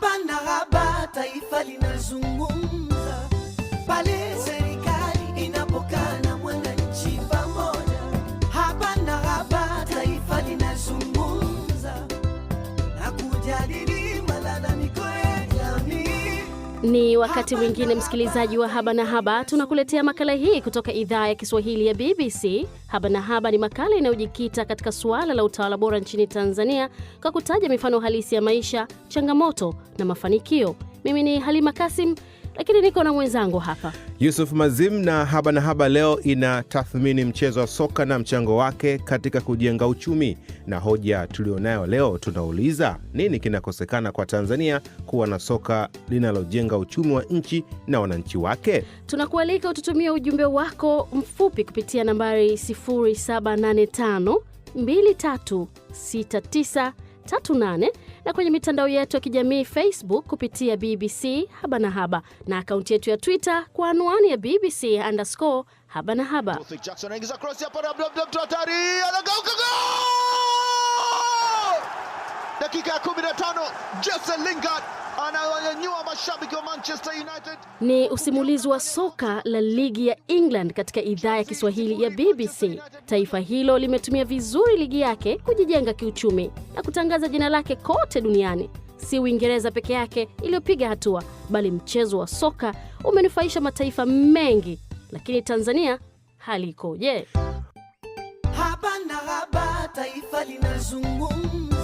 Hapana haba, taifa linazungumza Ni wakati mwingine, msikilizaji wa Haba na Haba, tunakuletea makala hii kutoka idhaa ya Kiswahili ya BBC. Haba na Haba ni makala inayojikita katika suala la utawala bora nchini Tanzania kwa kutaja mifano halisi ya maisha, changamoto na mafanikio. Mimi ni Halima Kasim lakini niko na mwenzangu hapa Yusuf Mazim, na Haba na Haba leo inatathmini mchezo wa soka na mchango wake katika kujenga uchumi, na hoja tulionayo leo tunauliza nini kinakosekana kwa Tanzania kuwa na soka linalojenga uchumi wa nchi na wananchi wake? Tunakualika ututumia ujumbe wako mfupi kupitia nambari 0785236938 na kwenye mitandao yetu ya kijamii Facebook kupitia BBC Haba na Haba na akaunti yetu ya Twitter kwa anwani ya BBC underscore Haba na Haba. Dakika ya 15 Jesse Lingard anawanyanyua mashabiki wa Manchester United. Ni usimulizi wa soka la ligi ya England katika idhaa ya Kiswahili ya BBC. Taifa hilo limetumia vizuri ligi yake kujijenga kiuchumi na kutangaza jina lake kote duniani. Si Uingereza peke yake iliyopiga hatua, bali mchezo wa soka umenufaisha mataifa mengi. Lakini Tanzania hali ikoje? Haba na haba, taifa linazungumza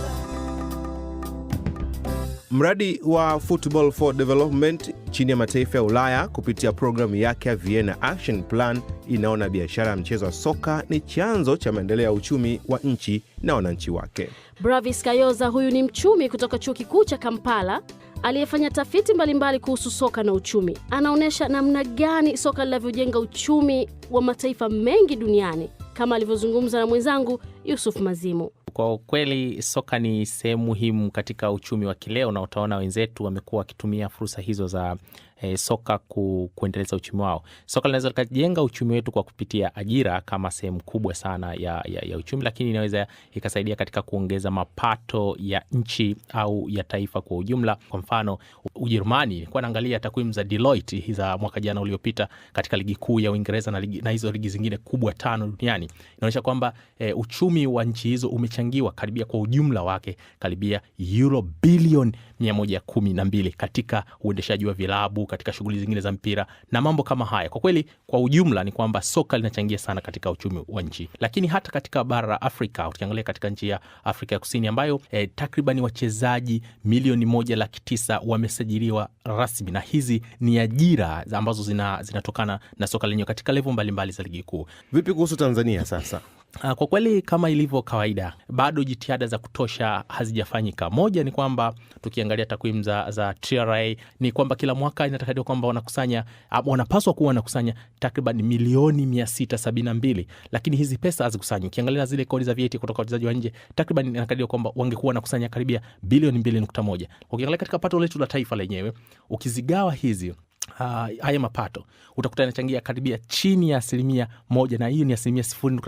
Mradi wa Football for Development chini ya mataifa ya Ulaya kupitia programu yake ya Vienna Action Plan inaona biashara ya mchezo wa soka ni chanzo cha maendeleo ya uchumi wa nchi na wananchi wake. Bravis Kayoza huyu ni mchumi kutoka Chuo Kikuu cha Kampala aliyefanya tafiti mbalimbali kuhusu soka na uchumi. Anaonyesha namna gani soka linavyojenga uchumi wa mataifa mengi duniani kama alivyozungumza na mwenzangu Yusuf Mazimu. Kwa kweli soka ni sehemu muhimu katika uchumi wa kileo, na utaona wenzetu wamekuwa wakitumia fursa hizo za eh, soka ku, kuendeleza uchumi wao. Soka linaweza likajenga uchumi wetu kwa kupitia ajira kama sehemu kubwa sana ya, ya, ya uchumi, lakini inaweza ikasaidia katika kuongeza mapato ya nchi au ya taifa kwa ujumla. Kwa mfano, Ujerumani ilikuwa naangalia takwimu za Deloitte za mwaka jana uliopita katika ligi kuu ya Uingereza na, na hizo ligi zingine kubwa tano duniani inaonyesha kwamba e, uchumi wa nchi hizo umechangiwa karibia kwa ujumla wake karibia euro bilioni 112 katika uendeshaji wa vilabu katika shughuli zingine za mpira na mambo kama haya. Kwa kweli, kwa ujumla ni kwamba soka linachangia sana katika uchumi wa nchi, lakini hata katika bara la Afrika, ukiangalia katika nchi ya Afrika ya Kusini ambayo eh, takriban wachezaji milioni moja laki tisa wamesajiliwa rasmi, na hizi ni ajira ambazo zinatokana zina na soka lenyewe katika levo mbalimbali za ligi kuu. Vipi kuhusu Tanzania sasa? Ah, kwa kweli kama ilivyo kawaida, bado jitihada za kutosha hazijafanyika. Moja ni kwamba tukiangalia takwimu za, za TRA ni kwamba kila mwaka inatakadiwa kwamba wanakusanya ah, wanapaswa kuwa wanakusanya takriban milioni 672, lakini hizi pesa hazikusanyi. Ukiangalia zile kodi za VAT kutoka wachezaji wa nje, takriban inatakadiwa kwamba wangekuwa wanakusanya karibia bilioni 2.1. Ukiangalia katika pato letu la taifa lenyewe, ukizigawa hizi Ah, haya uh, mapato utakuta inachangia karibia chini ya asilimia moja, na hiyo ni asilimia sifuri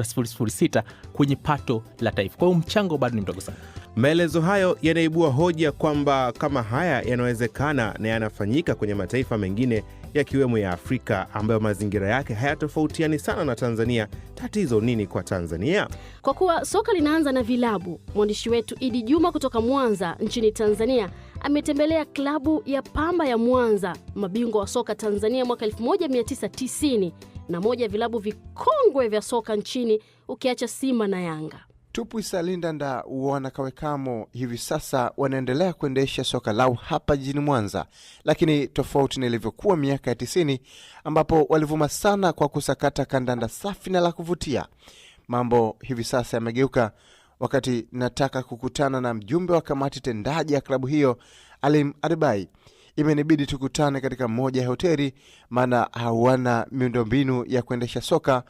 kwenye pato la taifa. Kwa hiyo mchango bado ni mdogo sana. Maelezo hayo yanaibua hoja kwamba kama haya yanawezekana na yanafanyika kwenye mataifa mengine yakiwemo ya Afrika ambayo mazingira yake hayatofautiani sana na Tanzania. Tatizo nini kwa Tanzania? Kwa kuwa soka linaanza na vilabu, mwandishi wetu Idi Juma kutoka Mwanza nchini Tanzania ametembelea klabu ya Pamba ya Mwanza, mabingwa wa soka Tanzania mwaka 1990 na moja ya vilabu vikongwe vya soka nchini ukiacha Simba na Yanga. Tupwisa Lindanda wanakawekamo hivi sasa wanaendelea kuendesha soka lao hapa jijini Mwanza, lakini tofauti na ilivyokuwa miaka ya tisini ambapo walivuma sana kwa kusakata kandanda safi na la kuvutia, mambo hivi sasa yamegeuka. Wakati nataka kukutana na mjumbe wa kamati tendaji ya klabu hiyo Alim Aribai, imenibidi tukutane katika moja ya hoteli, maana hawana miundombinu ya kuendesha soka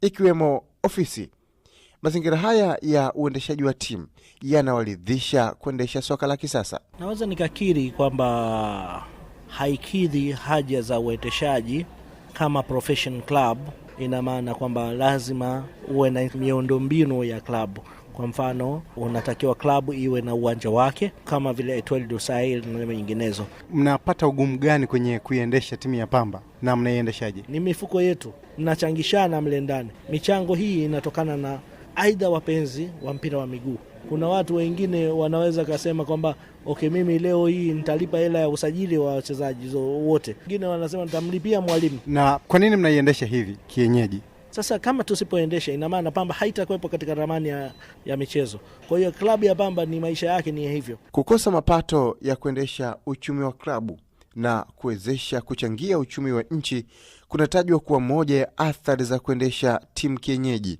ikiwemo ofisi Mazingira haya ya uendeshaji wa timu yanawaridhisha kuendesha soka la kisasa? Naweza nikakiri kwamba haikidhi haja za uendeshaji kama profession club. Ina maana kwamba lazima uwe na miundombinu ya klabu. Kwa mfano, unatakiwa klabu iwe na uwanja wake kama vile Etoile na nyinginezo. Mnapata ugumu gani kwenye kuiendesha timu ya Pamba na mnaiendeshaje? Ni mifuko yetu, mnachangishana mle ndani. Michango hii inatokana na Aidha, wapenzi wa mpira wa miguu, kuna watu wengine wanaweza kasema kwamba okay, mimi leo hii nitalipa hela ya usajili wa wachezaji wote, wengine wanasema nitamlipia mwalimu. Na kwa nini mnaiendesha hivi kienyeji? Sasa kama tusipoendesha, ina maana Pamba haitakuwepo katika ramani ya, ya michezo. Kwa hiyo klabu ya Pamba ni maisha yake ni hivyo, kukosa mapato ya kuendesha uchumi wa klabu na kuwezesha kuchangia uchumi wa nchi kunatajwa kuwa moja ya athari za kuendesha timu kienyeji.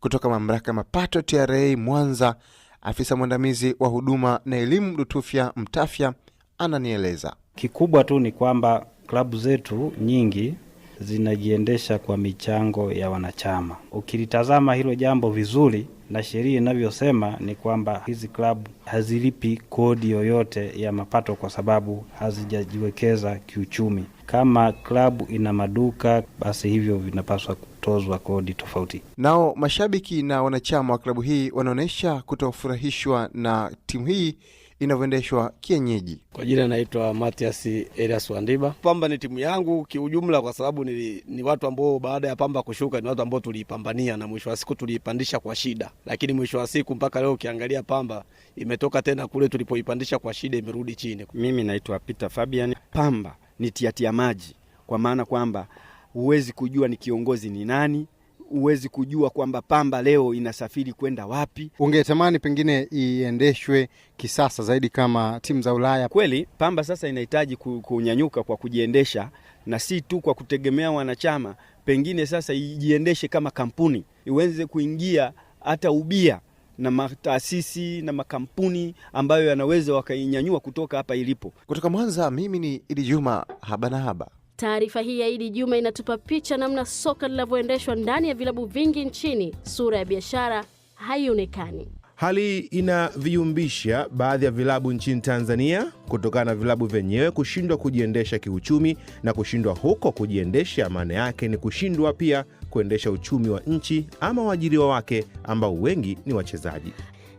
Kutoka mamlaka ya mapato TRA Mwanza, afisa mwandamizi wa huduma na elimu Lutufya Mtafya ananieleza. Kikubwa tu ni kwamba klabu zetu nyingi zinajiendesha kwa michango ya wanachama. Ukilitazama hilo jambo vizuri, na sheria inavyosema ni kwamba hizi klabu hazilipi kodi yoyote ya mapato kwa sababu hazijajiwekeza kiuchumi. Kama klabu ina maduka, basi hivyo vinapaswa kutozwa kodi tofauti. Nao mashabiki na wanachama wa klabu hii wanaonyesha kutofurahishwa na timu hii inavyoendeshwa kienyeji. Kwa jina naitwa Matias Elias Wandiba. Pamba ni timu yangu kiujumla, kwa sababu ni, ni watu ambao baada ya Pamba kushuka ni watu ambao tuliipambania na mwisho wa siku tuliipandisha kwa shida, lakini mwisho wa siku mpaka leo ukiangalia Pamba imetoka tena kule tulipoipandisha kwa shida imerudi chini. Mimi naitwa Peter Fabian. Pamba ni tiatia maji, kwa maana kwamba huwezi kujua ni kiongozi ni nani, huwezi kujua kwamba Pamba leo inasafiri kwenda wapi. Ungetamani pengine iendeshwe kisasa zaidi kama timu za Ulaya. Kweli Pamba sasa inahitaji kunyanyuka kwa kujiendesha, na si tu kwa kutegemea wanachama. Pengine sasa ijiendeshe kama kampuni, iweze kuingia hata ubia na mataasisi na makampuni ambayo yanaweza wakainyanyua kutoka hapa ilipo. Kutoka Mwanza, mimi ni ili Juma, haba na haba. Taarifa hii ya Idi Juma inatupa picha namna soka linavyoendeshwa ndani ya vilabu vingi nchini, sura ya biashara haionekani. Hali inaviumbisha baadhi ya vilabu nchini Tanzania kutokana na vilabu vyenyewe kushindwa kujiendesha kiuchumi, na kushindwa huko kujiendesha, maana yake ni kushindwa pia kuendesha uchumi wa nchi ama waajiriwa wake ambao wengi ni wachezaji.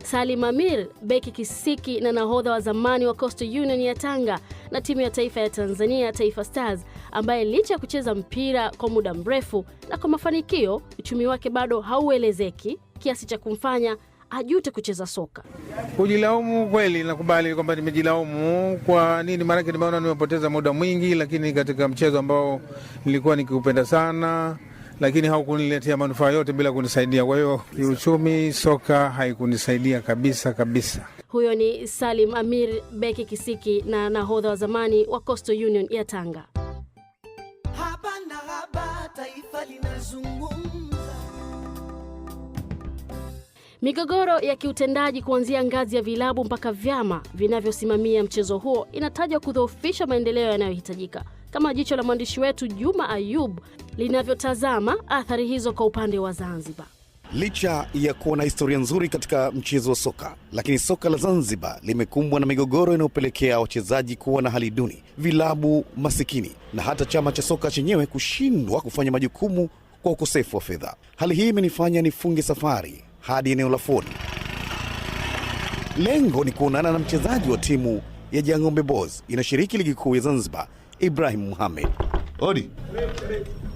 Salim Amir, beki kisiki na nahodha wa zamani wa Coastal Union ya Tanga na timu ya taifa ya Tanzania Taifa Stars, ambaye licha ya kucheza mpira kwa muda mrefu na kwa mafanikio, uchumi wake bado hauelezeki kiasi cha kumfanya ajute kucheza soka. Kujilaumu kweli, nakubali kwamba nimejilaumu. Kwa nini? Maanake nimeona nimepoteza muda mwingi, lakini katika mchezo ambao nilikuwa nikiupenda sana lakini haukuniletea manufaa yote bila kunisaidia. Kwa hiyo kiuchumi, soka haikunisaidia kabisa kabisa. Huyo ni Salim Amir beki kisiki na nahodha wa zamani wa Coastal Union ya Tanga. Haba na haba, taifa linazungumza. Migogoro ya kiutendaji kuanzia ngazi ya vilabu mpaka vyama vinavyosimamia mchezo huo inatajwa kudhoofisha maendeleo yanayohitajika kama jicho la mwandishi wetu Juma Ayub linavyotazama athari hizo kwa upande wa Zanzibar. Licha ya kuwa na historia nzuri katika mchezo wa soka, lakini soka la Zanzibar limekumbwa na migogoro inayopelekea wachezaji kuwa na hali duni, vilabu masikini na hata chama cha soka chenyewe kushindwa kufanya majukumu kwa ukosefu wa fedha. Hali hii imenifanya nifunge safari hadi eneo la Foni. Lengo ni kuonana na mchezaji wa timu ya Jangombe Boys inashiriki ligi kuu ya Zanzibar Ibrahim muhamed Odi.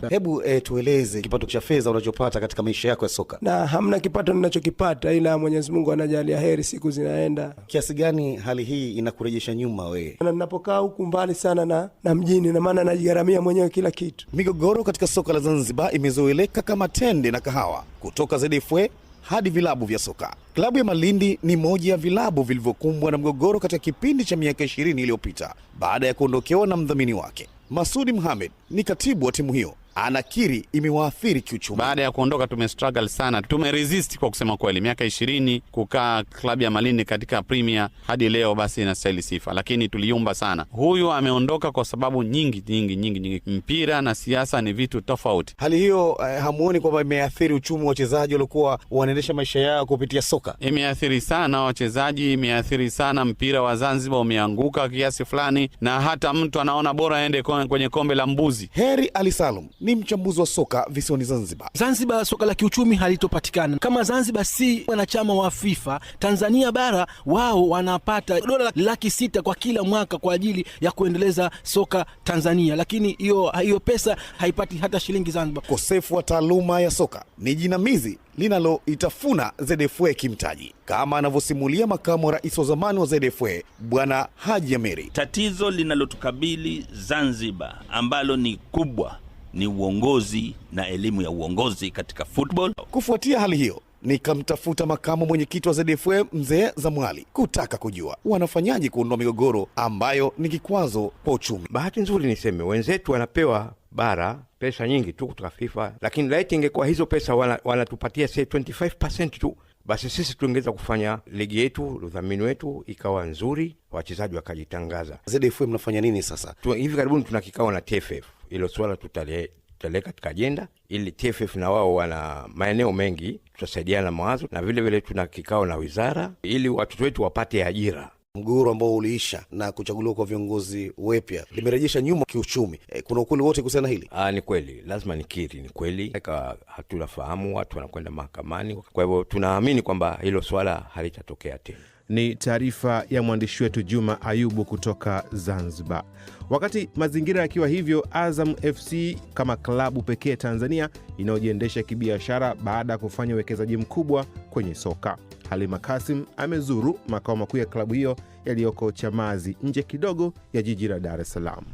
Hebu e, tueleze kipato cha fedha unachopata katika maisha yako ya soka. Na hamna kipato ninachokipata, ila Mwenyezi Mungu anajalia heri, siku zinaenda. Kiasi gani hali hii inakurejesha nyuma wewe? Na ninapokaa huku mbali sana na, na mjini, na maana najigharamia mwenyewe kila kitu. Migogoro katika soka la Zanzibar imezoeleka kama tende na kahawa. Kutoka ZFA hadi vilabu vya soka. Klabu ya Malindi ni moja ya vilabu vilivyokumbwa na mgogoro katika kipindi cha miaka 20 iliyopita baada ya kuondokewa na mdhamini wake. Masudi Mohamed ni katibu wa timu hiyo anakiri imewaathiri kiuchumi. Baada ya kuondoka tumestruggle sana, tumeresist kwa kusema kweli, miaka ishirini kukaa klabu ya Malindi katika Premier hadi leo, basi inastahili sifa, lakini tuliumba sana. Huyu ameondoka kwa sababu nyingi nyingi nyingi nyingi. Mpira na siasa ni vitu tofauti. Hali hiyo eh, hamuoni kwamba imeathiri uchumi wa wachezaji waliokuwa wanaendesha maisha yao kupitia soka? Imeathiri sana wachezaji, imeathiri sana mpira wa Zanzibar umeanguka kiasi fulani, na hata mtu anaona bora aende kwenye kombe la mbuzi. Heri Ali Salum ni mchambuzi wa soka visiwani Zanzibar. Zanzibar soka la kiuchumi halitopatikana kama Zanzibar si wanachama wa FIFA. Tanzania bara wao wanapata dola laki sita kwa kila mwaka kwa ajili ya kuendeleza soka Tanzania, lakini hiyo hiyo pesa haipati hata shilingi Zanzibar. Ukosefu wa taaluma ya soka ni jinamizi linaloitafuna ZFA kimtaji, kama anavyosimulia makamu wa rais wa zamani wa ZFA Bwana Haji Ameri. Tatizo linalotukabili Zanzibar ambalo ni kubwa ni uongozi na elimu ya uongozi katika football. Kufuatia hali hiyo nikamtafuta makamu mwenyekiti wa ZFM mzee Zamwali kutaka kujua wanafanyaje kuondoa migogoro ambayo ni kikwazo kwa uchumi. Bahati nzuri niseme, wenzetu wanapewa bara pesa nyingi tu kutoka FIFA, lakini laiti ingekuwa hizo pesa wanatupatia wana say 25% tu basi sisi tungeweza kufanya ligi yetu, udhamini wetu ikawa nzuri, wachezaji wakajitangaza. mnafanya nini sasa? Tu, hivi karibuni tuna kikao na TFF, hilo swala tutale katika ajenda ili TFF na wao wana maeneo mengi, tutasaidiana mawazo na vilevile vile tuna kikao na wizara ili watoto wetu wapate ajira mgogoro ambao uliisha na kuchaguliwa kwa viongozi wepya limerejesha nyuma kiuchumi. E, kuna ukweli wote kuhusiana hili? Aa, ah, ni kweli, lazima nikiri, ni kweli hatunafahamu, watu wanakwenda mahakamani. Kwa hivyo tunaamini kwamba hilo swala halitatokea tena. Ni taarifa ya mwandishi wetu Juma Ayubu kutoka Zanzibar. Wakati mazingira yakiwa hivyo, Azam FC kama klabu pekee Tanzania inayojiendesha kibiashara baada ya kufanya uwekezaji mkubwa kwenye soka Halima Kasim amezuru makao makuu ya klabu hiyo yaliyoko Chamazi, nje kidogo ya jiji la Dar es Salaam.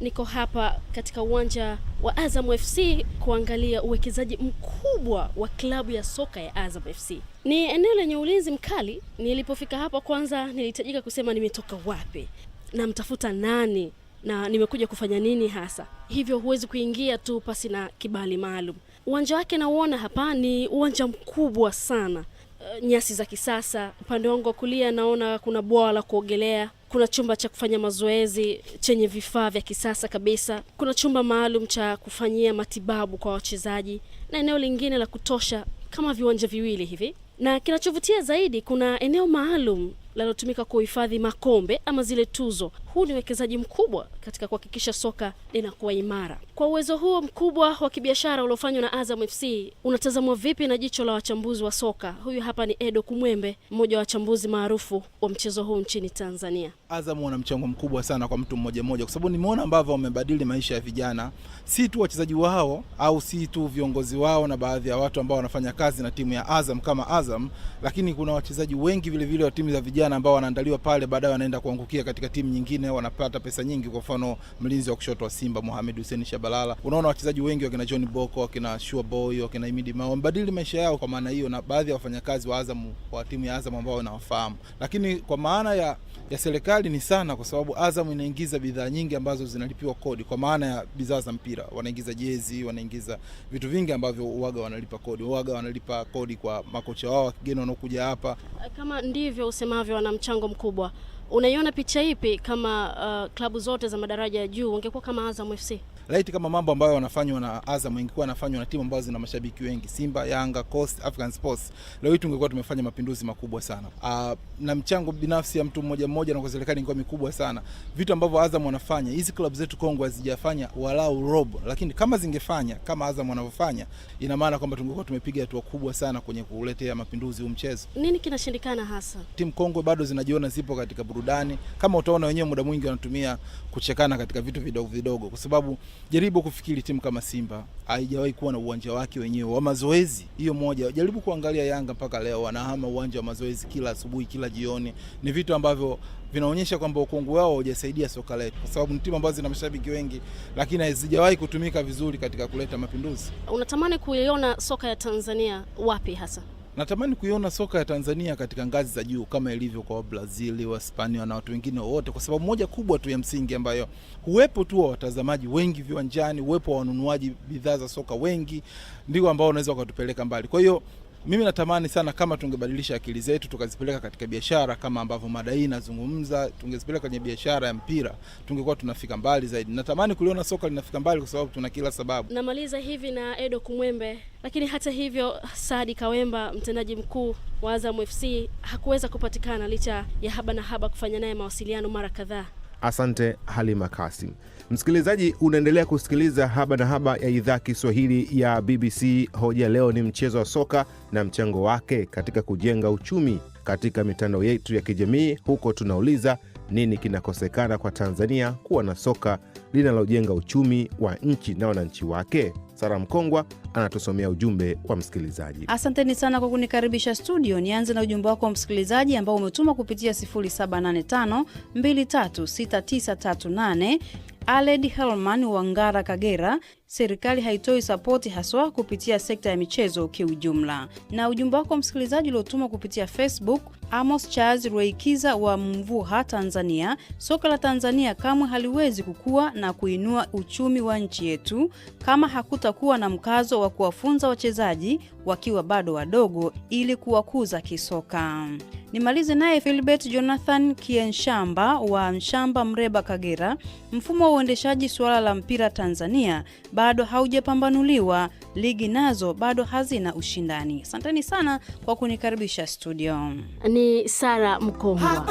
Niko hapa katika uwanja wa Azam FC kuangalia uwekezaji mkubwa wa klabu ya soka ya Azam FC. Ni eneo lenye ulinzi mkali. Nilipofika hapa, kwanza nilihitajika kusema nimetoka wapi, namtafuta nani na nimekuja kufanya nini hasa. Hivyo huwezi kuingia tu pasi na kibali maalum. Uwanja wake nauona hapa, ni uwanja mkubwa sana Eh, nyasi za kisasa. Upande wangu wa kulia naona kuna bwawa la kuogelea, kuna chumba cha kufanya mazoezi chenye vifaa vya kisasa kabisa, kuna chumba maalum cha kufanyia matibabu kwa wachezaji na eneo lingine la kutosha kama viwanja viwili hivi, na kinachovutia zaidi, kuna eneo maalum linalotumika kuhifadhi makombe ama zile tuzo. Huu ni uwekezaji mkubwa katika kuhakikisha soka linakuwa imara. Kwa uwezo huo mkubwa wa kibiashara uliofanywa na Azam FC, unatazamwa vipi na jicho la wachambuzi wa soka? Huyu hapa ni Edo Kumwembe, mmoja wa wachambuzi maarufu wa mchezo huu nchini Tanzania. Azam wana mchango mkubwa sana kwa mtu mmoja mmoja, kwa sababu nimeona ambavyo wamebadili maisha ya vijana, si tu wachezaji wao au si tu viongozi wao na baadhi ya watu ambao wanafanya kazi na timu ya Azam kama Azam, lakini kuna wachezaji wengi vile vile wa timu za vijana ambao wanaandaliwa pale, baadaye wanaenda kuangukia katika timu nyingine, wanapata pesa nyingi. Kwa mfano mlinzi wa kushoto wa Simba Mohamed Hussein Shabalala, unaona wachezaji wengi wakina John Boko, wakina Shua Boy, wakina Imidi Mao wamebadili maisha yao kwa maana hiyo, na baadhi ya wafanyakazi wa Azam wa timu ya Azam ambao wanawafahamu, lakini kwa maana ya, ya serikali mbali ni sana, kwa sababu Azam inaingiza bidhaa nyingi ambazo zinalipiwa kodi, kwa maana ya bidhaa za mpira. Wanaingiza jezi, wanaingiza vitu vingi ambavyo uwaga wanalipa kodi. Uwaga wanalipa kodi kwa makocha wao wa kigeni wanaokuja hapa. Eh, kama ndivyo usemavyo, wana mchango mkubwa. Unaiona picha ipi kama uh, klabu zote za madaraja ya juu wangekuwa kama Azam FC? laiti kama mambo ambayo wanafanywa na Azam ingekuwa anafanywa na timu ambazo zina mashabiki wengi, Simba, Yanga, Coast, African Sports, leo hii tungekuwa tumefanya mapinduzi makubwa sana. Uh, na mchango binafsi ya mtu mmoja mmoja na kwa serikali ingekuwa mikubwa sana. Vitu ambavyo Azam wanafanya, hizi klabu zetu kongwe hazijafanya walau robo, lakini kama zingefanya kama Azam wanavyofanya, ina maana kwamba tungekuwa tumepiga hatua kubwa sana kwenye kuletea mapinduzi huu mchezo. Nini kinashindikana hasa? Timu kongwe bado zinajiona zipo katika burudani, kama utaona wenyewe muda mwingi wanatumia kuchekana katika vitu vidogo vidogo, kwa sababu Jaribu kufikiri timu kama Simba haijawahi kuwa na uwanja wake wenyewe wa mazoezi. Hiyo moja. Jaribu kuangalia Yanga mpaka leo wanahama uwanja wa mazoezi kila asubuhi, kila jioni. Ni vitu ambavyo vinaonyesha kwamba ukungu wao haujasaidia soka letu, kwa sababu ni timu ambazo zina mashabiki wengi, lakini hazijawahi kutumika vizuri katika kuleta mapinduzi. Unatamani kuiona soka ya Tanzania wapi hasa? Natamani kuiona soka ya Tanzania katika ngazi za juu kama ilivyo kwa Wabrazili, Wahispania na watu wengine wote, kwa sababu moja kubwa tu ya msingi ambayo huwepo tu wa watazamaji wengi viwanjani, uwepo wa wanunuaji bidhaa za soka wengi ndio ambao unaweza ukatupeleka mbali. Kwa hiyo mimi natamani sana kama tungebadilisha akili zetu tukazipeleka katika biashara kama ambavyo mada hii inazungumza, tungezipeleka kwenye biashara ya mpira, tungekuwa tunafika mbali zaidi. Natamani kuliona soka linafika mbali, kwa sababu tuna kila sababu. Namaliza hivi na Edo Kumwembe, lakini hata hivyo Saadi Kawemba, mtendaji mkuu wa Azam FC hakuweza kupatikana licha ya haba na haba kufanya naye mawasiliano mara kadhaa. Asante Halima Kasim. Msikilizaji, unaendelea kusikiliza Haba na Haba ya idhaa Kiswahili ya BBC. Hoja leo ni mchezo wa soka na mchango wake katika kujenga uchumi. Katika mitandao yetu ya kijamii huko, tunauliza nini kinakosekana kwa Tanzania kuwa na soka linalojenga uchumi wa nchi na wananchi wake? Sara Mkongwa anatusomea ujumbe wa msikilizaji. Asanteni sana kwa kunikaribisha studio. Nianze na ujumbe wako wa msikilizaji ambao umetuma kupitia 0785236938 Aled Helman wa Ngara, Kagera serikali haitoi sapoti haswa kupitia sekta ya michezo kiujumla. Na ujumbe wako msikilizaji uliotumwa kupitia Facebook, Amos Charles Rweikiza wa Mvuha, Tanzania. Soka la Tanzania kamwe haliwezi kukua na kuinua uchumi wa nchi yetu kama hakutakuwa na mkazo wa kuwafunza wachezaji wakiwa bado wadogo ili kuwakuza kisoka. Nimalize naye Filbert Jonathan Kienshamba wa Mshamba, Mreba, Kagera. Mfumo wa uendeshaji suala la mpira Tanzania bado haujapambanuliwa, ligi nazo bado hazina ushindani. Asanteni sana kwa kunikaribisha studio. Ni Sara Mkongwa.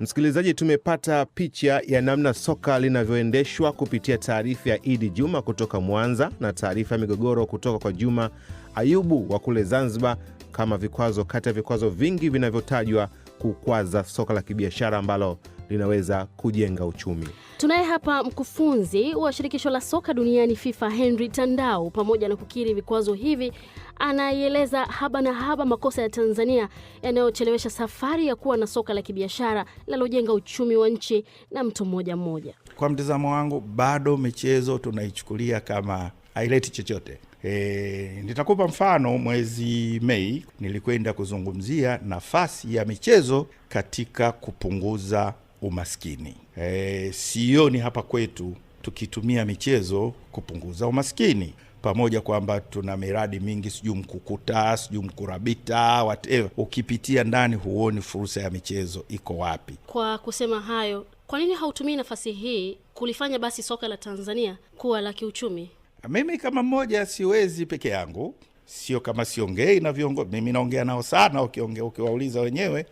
Msikilizaji, tumepata picha ya namna soka linavyoendeshwa kupitia taarifa ya Idi Juma kutoka Mwanza na taarifa ya migogoro kutoka kwa Juma Ayubu wa kule Zanzibar, kama vikwazo kati ya vikwazo vingi vinavyotajwa kukwaza soka la kibiashara ambalo linaweza kujenga uchumi. Tunaye hapa mkufunzi wa shirikisho la soka duniani FIFA Henry Tandau, pamoja na kukiri vikwazo hivi, anaieleza haba na haba makosa ya Tanzania yanayochelewesha safari ya kuwa na soka la kibiashara linalojenga uchumi wa nchi na mtu mmoja mmoja. Kwa mtazamo wangu, bado michezo tunaichukulia kama haileti chochote. E, nitakupa mfano. Mwezi Mei nilikwenda kuzungumzia nafasi ya michezo katika kupunguza umaskini. E, sioni hapa kwetu tukitumia michezo kupunguza umaskini, pamoja kwamba tuna miradi mingi, sijuu Mkukuta, sijuu Mkurabita, whatever. Ukipitia ndani huoni fursa ya michezo iko wapi. Kwa kusema hayo, kwa nini hautumii nafasi hii kulifanya basi soka la Tanzania kuwa la kiuchumi? Mimi kama mmoja siwezi peke yangu, sio kama siongei na viongozi. Mimi naongea nao sana, ukiongea ukiwauliza wenyewe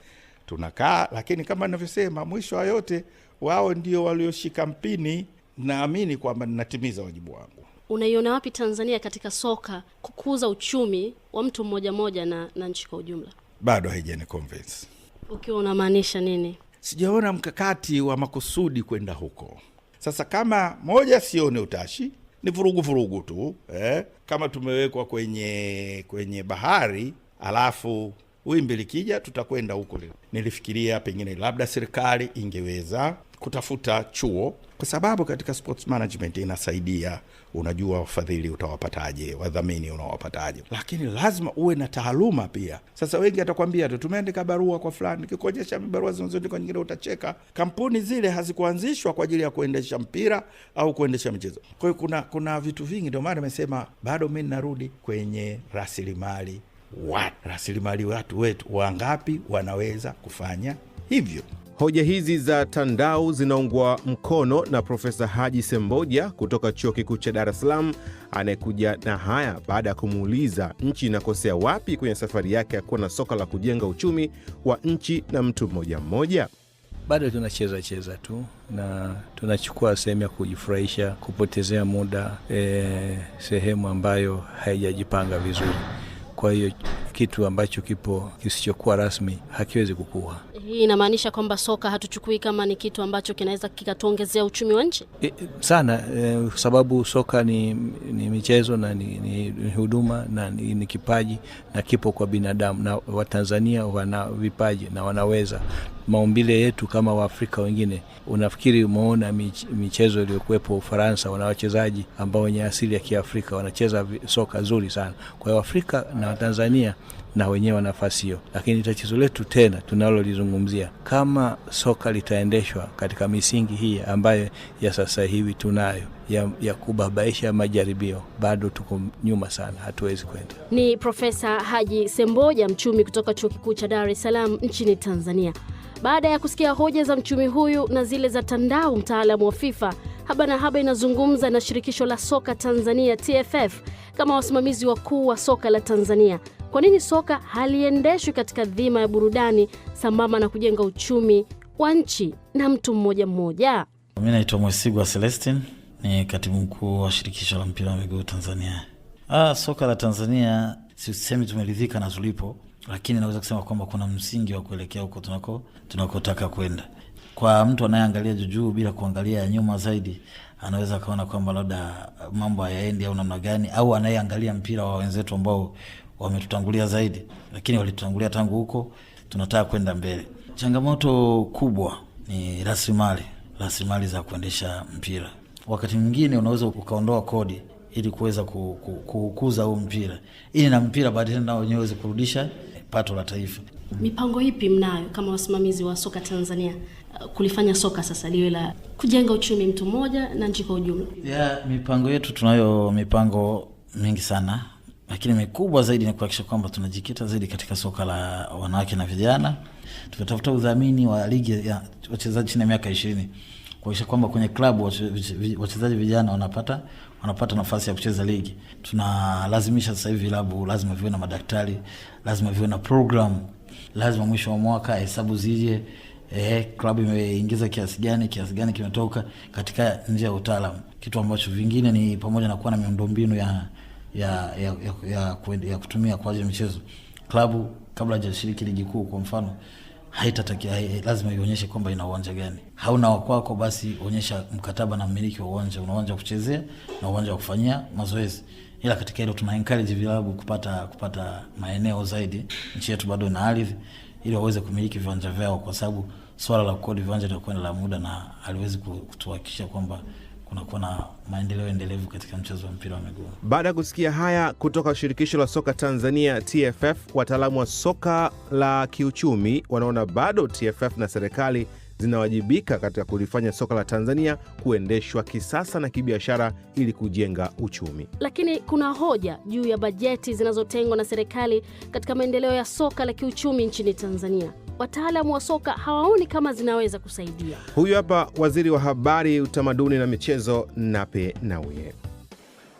tunakaa, lakini kama ninavyosema, mwisho wa yote wao ndio walioshika mpini. Naamini kwamba ninatimiza wajibu wangu. Unaiona wapi Tanzania katika soka kukuza uchumi wa mtu mmoja mmoja na, na nchi kwa ujumla? Bado haijani convince. Ukiwa unamaanisha nini? Sijaona mkakati wa makusudi kwenda huko. Sasa kama moja, sione utashi ni vurugu vurugu tu eh? Kama tumewekwa kwenye kwenye bahari alafu wimbi likija tutakwenda huko. Nilifikiria pengine labda serikali ingeweza kutafuta chuo, kwa sababu katika sports management inasaidia, unajua wafadhili utawapataje, wadhamini unawapataje, lakini lazima uwe na taaluma pia. Sasa wengi atakwambia tu tumeandika barua kwa fulani, kikuonyesha barua zinazoandikwa nyingine, utacheka. Kampuni zile hazikuanzishwa kwa ajili ya kuendesha mpira au kuendesha mchezo Kwa hiyo kuna, kuna vitu vingi, ndio maana amesema bado mi narudi kwenye rasilimali wa rasilimali watu wetu wangapi wanaweza kufanya hivyo. Hoja hizi za Tandau zinaungwa mkono na Profesa Haji Semboja kutoka Chuo Kikuu cha Dar es Salaam, anayekuja na haya baada ya kumuuliza nchi inakosea wapi kwenye safari yake ya kuwa na soka la kujenga uchumi wa nchi na mtu mmoja mmoja. Bado tunacheza cheza tu na tunachukua sehemu ya kujifurahisha, kupotezea muda e, sehemu ambayo haijajipanga vizuri. Kwa hiyo kitu ambacho kipo kisichokuwa rasmi hakiwezi kukua. Hii inamaanisha kwamba soka hatuchukui kama ni kitu ambacho kinaweza kikatuongezea uchumi wa nchi e, sana e, sababu soka ni, ni michezo na ni, ni, ni huduma na ni, ni kipaji na kipo kwa binadamu na Watanzania wana vipaji na wanaweza maumbile yetu kama Waafrika wengine. Unafikiri umeona michezo iliyokuwepo Ufaransa, wana wachezaji ambao wenye asili ya Kiafrika wanacheza soka zuri sana. Kwa hiyo Afrika na Watanzania na wenyewe wa nafasi hiyo, lakini tatizo letu tena tunalolizungumzia, kama soka litaendeshwa katika misingi hii ambayo ya sasa hivi tunayo ya, ya kubabaisha majaribio, bado tuko nyuma sana, hatuwezi kwenda. Ni Profesa Haji Semboja, mchumi kutoka Chuo Kikuu cha Dar es Salaam nchini Tanzania. Baada ya kusikia hoja za mchumi huyu na zile za tandao mtaalamu wa FIFA, Haba na Haba inazungumza na shirikisho la soka Tanzania TFF kama wasimamizi wakuu wa soka la Tanzania. Kwa nini soka haliendeshwi katika dhima ya burudani sambamba na kujenga uchumi wa nchi na mtu mmoja mmoja? Mi naitwa Mwesigwa Celestin, ni katibu mkuu wa shirikisho la mpira wa miguu Tanzania. Ah, soka la Tanzania sisemi tumeridhika na tulipo, lakini naweza kusema kwamba kuna msingi wa kuelekea huko tunako tunakotaka kwenda. Kwa mtu anayeangalia juujuu bila kuangalia nyuma zaidi, anaweza akaona kwamba labda mambo hayaendi au namna gani, au anayeangalia mpira wa wenzetu ambao wametutangulia zaidi, lakini walitutangulia tangu huko, tunataka kwenda mbele. Changamoto kubwa ni rasilimali, rasilimali za kuendesha mpira. Wakati mwingine unaweza ukaondoa kodi ili kuweza kuukuza huu mpira, ili na mpira baadaye nao wenyewe weze kurudisha pato la taifa. Mipango ipi mnayo kama wasimamizi wa soka Tanzania uh, kulifanya soka sasa liwe la kujenga uchumi mtu mmoja na nchi kwa ujumla? Yeah, mipango yetu tunayo mipango mingi sana, lakini mikubwa zaidi ni kuhakikisha kwamba tunajikita zaidi katika soka la wanawake na vijana. Tumetafuta udhamini wa ligi ya wachezaji chini ya miaka ishirini kuhakikisha kwamba kwenye klabu wachezaji vijana wanapata wanapata nafasi ya kucheza ligi. Tunalazimisha sasa hivi vilabu lazima viwe na madaktari lazima viwe na program, lazima mwisho wa mwaka hesabu zije, eh, klabu imeingiza kiasi gani, kiasi gani kimetoka katika nje ya utaalam kitu ambacho vingine ni pamoja na kuwa na miundombinu ya ya, ya, ya, ya, ya kutumia kwa ajili ya michezo. Klabu kabla hajashiriki ligi kuu kwa mfano haitatakia hai, lazima ionyeshe kwamba ina uwanja gani. Hauna wa kwako, basi onyesha mkataba na mmiliki wa uwanja, una uwanja wa kuchezea na uwanja wa kufanyia mazoezi ila katika hilo tuna encourage vilabu kupata kupata maeneo zaidi. Nchi yetu bado ina ardhi, ili waweze kumiliki viwanja vyao, kwa sababu swala la kukodi viwanja litakuwa la muda na haliwezi kutuhakikisha kwamba kunakuwa na maendeleo endelevu katika mchezo wa mpira wa miguu. Baada ya kusikia haya kutoka shirikisho la soka Tanzania TFF, wataalamu wa soka la kiuchumi wanaona bado TFF na serikali zinawajibika katika kulifanya soka la Tanzania kuendeshwa kisasa na kibiashara ili kujenga uchumi. Lakini kuna hoja juu ya bajeti zinazotengwa na serikali katika maendeleo ya soka la kiuchumi nchini Tanzania. Wataalamu wa soka hawaoni kama zinaweza kusaidia. Huyu hapa waziri wa habari, utamaduni na michezo, Nape Nnauye.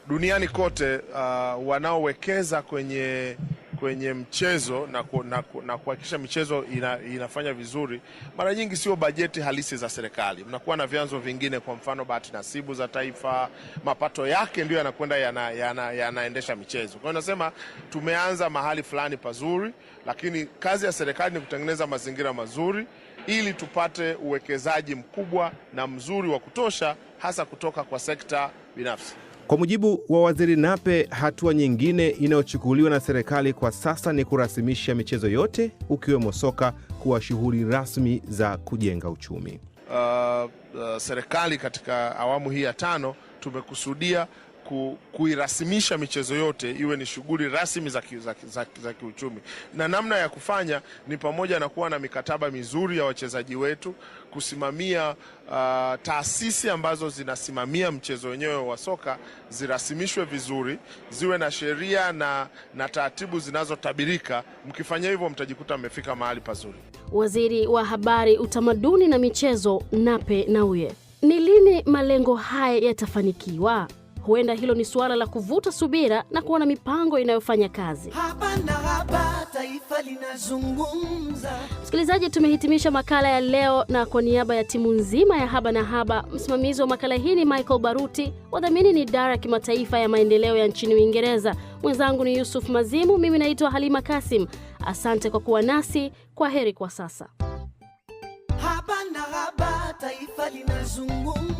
Duniani kote uh, wanaowekeza kwenye kwenye mchezo na, ku, na, ku, na kuhakikisha michezo ina, inafanya vizuri, mara nyingi sio bajeti halisi za serikali. Mnakuwa na vyanzo vingine, kwa mfano bahati nasibu za taifa, mapato yake ndio yanakwenda yanaendesha yana, yana michezo. Kwa hiyo nasema tumeanza mahali fulani pazuri, lakini kazi ya serikali ni kutengeneza mazingira mazuri ili tupate uwekezaji mkubwa na mzuri wa kutosha hasa kutoka kwa sekta binafsi. Kwa mujibu wa waziri Nape, hatua nyingine inayochukuliwa na serikali kwa sasa ni kurasimisha michezo yote ukiwemo soka kuwa shughuli rasmi za kujenga uchumi. Uh, uh, serikali katika awamu hii ya tano tumekusudia ku, kuirasimisha michezo yote iwe ni shughuli rasmi za, za, za, za kiuchumi, na namna ya kufanya ni pamoja na kuwa na mikataba mizuri ya wachezaji wetu kusimamia uh, taasisi ambazo zinasimamia mchezo wenyewe wa soka zirasimishwe vizuri, ziwe na sheria na, na taratibu zinazotabirika. Mkifanya hivyo, mtajikuta mmefika mahali pazuri. Waziri wa Habari, Utamaduni na Michezo Nape Nnauye, ni lini malengo haya yatafanikiwa? Huenda hilo ni suala la kuvuta subira na kuona mipango inayofanya kazi hapa na hapa taifa linazungumza. Msikilizaji, tumehitimisha makala ya leo, na kwa niaba ya timu nzima ya Haba na Haba, msimamizi wa makala hii ni Michael Baruti, wadhamini ni idara ya kimataifa ya maendeleo ya nchini Uingereza, mwenzangu ni Yusuf Mazimu, mimi naitwa Halima Kasim. Asante kwa kuwa nasi, kwa heri kwa sasa. Haba na Haba, taifa linazungumza.